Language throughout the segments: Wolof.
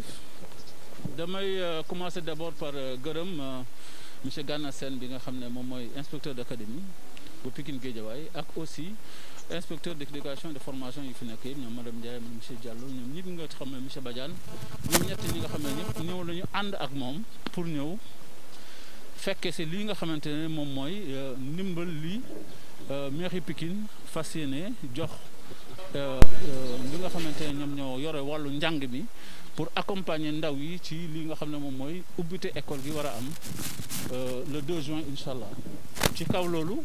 jërëjëf damay euh, commencer d'abord par euh, gërëm euh, monsieur Gana Sène bi nga xam ne moom mooy inspecteur d'académie bu Pikine Guédiawaye ak aussi inspecteur d'éducation de formation yi fi nekk yëpp ñoom madame Ndiaye monsieur Diallo ñoom ñëpp nga xam ne monsieur Badiane ñoom ñett ñi nga xam ne ñëpp ñëw la ñu ànd ak moom pour ñëw fekkee si lii nga xamante ne moom mooy ndimbal li mairie pikin fas yéene jox li nga xamante ne ñoom ñoo yore wàllu njàng mi pour accompagner ndaw yi ci li nga xam ne moom mooy ubbite école gi war a am euh, le 2 juin incha allah ci kaw loolu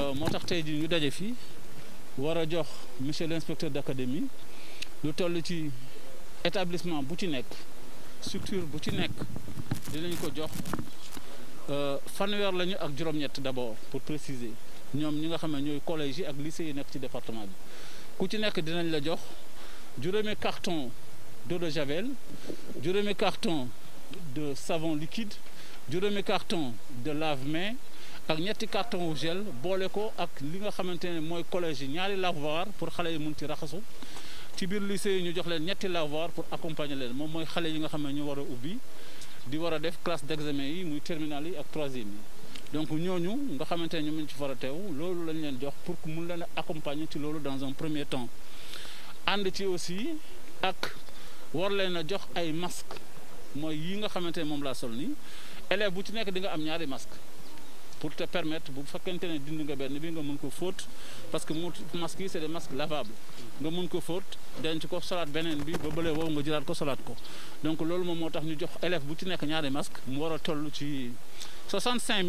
euh, moo tax tey jii ñu daje fii war a jox monsieur l'inspecteur d'académie lu toll ci établissement bu ci nekk structure bu ci nekk dinañ ko jox euh, fanweer lañu ak juróom-ñett d'abord pour préciser ñoom ñi nga xam ne ñooy collège yi ak lycée yi nekk ci département bi. ku ci nekk dinañ la jox juróomi carton d'eau de javel juróomi carton de savon liquide juróomi carton de lave-main ak ñetti carton wu gel boole ko ak li nga xamante ne mooy collège yi ñaari lavoir pour xale yi mun ci raxasu ci biir lycée yi ñu jox leen ñetti lavoir pour accompagner leen moom mooy xale yi nga xam ne ñu war a ubbi di war a def classe d'examen yi muy terminale yi ak troisième yi donc ñooñu nga xamante ne ñu ngi ci fara teew loolu lañ leen jox pour que mun leen a ci loolu dans un premier temps ànd ci aussi ak war leen a jox ay masque mooy yi nga xamante ne moom laa sol nii élève bu ci nekk di nga am ñaari masque pour te permettre bu fekkente ne dindi nga benn bi nga mun ko fóot parce que mu masque yi c'est des masques lavables nga mun ko fóot denc ko solaat beneen bi ba bële wow nga jëlaat ko solaat ko donc loolu moom moo tax ñu jox élève bu ci nekk ñaari masque mu war a toll ci 65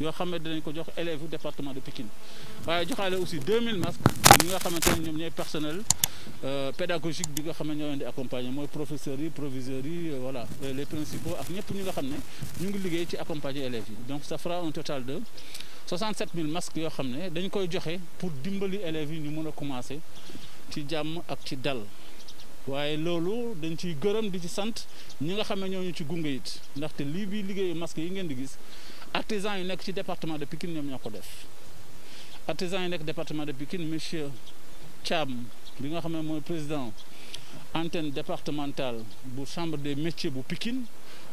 yoo xam ne dinañ ko jox élèves du département de Pikine waaye joxaale aussi 2000 masques yi nga xamante ne ñoom ñooy personnel euh, pédagogique bi nga xam ne ñoo leen di accompagner mooy professeurs yi proviseurs yi euh, voilà les principaux ak ñëpp ñi nga xam ne ñu ngi liggéey ci accompagner élèves yi total de 67 mille masques yoo xam ne dañ koy joxe pour dimbali élèves yi ñu mën a commencer ci jàmm ak ci dal waaye loolu dañ ciy gërëm di ci sant ñi nga xam ne ñoo ñu ci gunge it ndaxte lii bii liggéeyu masques yi ngeen di gis artisans yu nekk ci département de Pikine ñoom ñoo ko def artisans yu nekk département de Pikine monsieur Thiam bi nga xam ne mooy président antenne départementale bu chambre de métiers bu pikin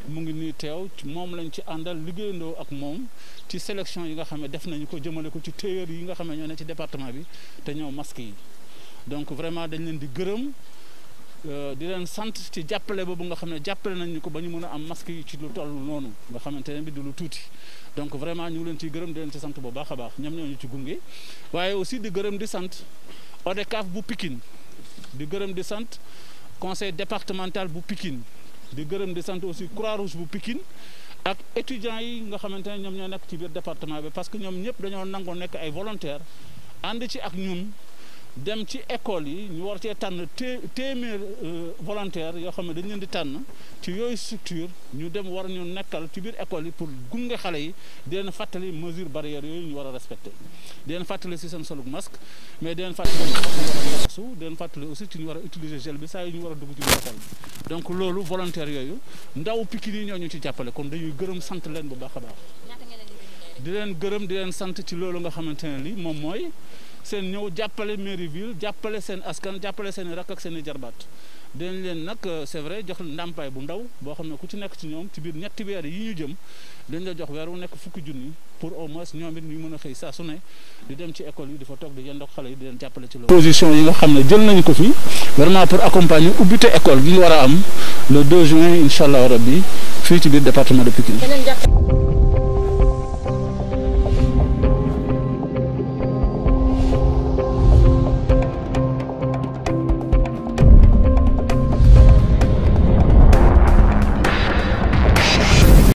mu ngi nuy teew moom lañ ci àndal liggéeyandoo ak moom ci sélection yi nga xam ne def nañu ko jëmale ko ci téyeer yi nga xam ne ñoo ne ci département bi te ñëw masque yi donc vraiment dañ leen di gërëm euh, di leen sant ci jàppale boobu nga xam ne jàppale nañu ko ba ñu mën a am masque yi ci lu toll noonu nga xamante ne bi du lu tuuti donc vraiment ñu ngi leen ciy gërëm di leen ci sant bu baax a baax ñoom ñoo gunge waaye gërëm di sant ODCAV bu pikin di gërëm di sant conseil départemental bu Pikine di gërëm di sant aussi Croix-Rouge bu Pikine ak étudiants yi nga xamante ne ñoom ñoo nekk ci biir département bi parce que ñoom ñëpp dañoo nangoo nekk ay volontaires ànd ci ak ñun dem ci école yi ñu war cee tànn té téeméer euh, volontaire yoo xam ne dañ leen di tànn ci yooyu structure ñu dem war ñu nekkal ci biir école yi pour gunge xale yi di leen fàttali mesure barrière yooyu ñu war a respecté deen fàttali si seen solug masque mais di leen fàttali su deen leen fàttali aussi ci ñu war a utiliser gel bi saa yu ñu war a dugg ci biir école bi donc loolu volontaire yooyu ndaw Pikine yi ñoo ñu ci jàppale kon dañuy gërëm sant leen bu baax a baax di leen gërëm di leen sant ci loolu nga xamante ne li moom mooy seen ñëw jàppale mairie ville jàppale seen askan jàppale seeni i rakk ak seen i jarbaat dañ leen nag euh, c'est vrai jox ndàmpaay bu ndaw boo xam ne ku ci nekk ci ñoom ci biir ñetti weer yi ñu jëm dañ la jox weer wu nekk fukki junni pour au moins ñoom it ñu mën a xëy saa su ne di dem ci école yi di fa toog di yendoog xale yi di leen jàppale ci loolu. position yi nga xam ne jël nañu ko fi vraiment pour accompagner ubbite école gi ñu war a am le 2 juin incha allah rabbi fii ci biir département de Pikine.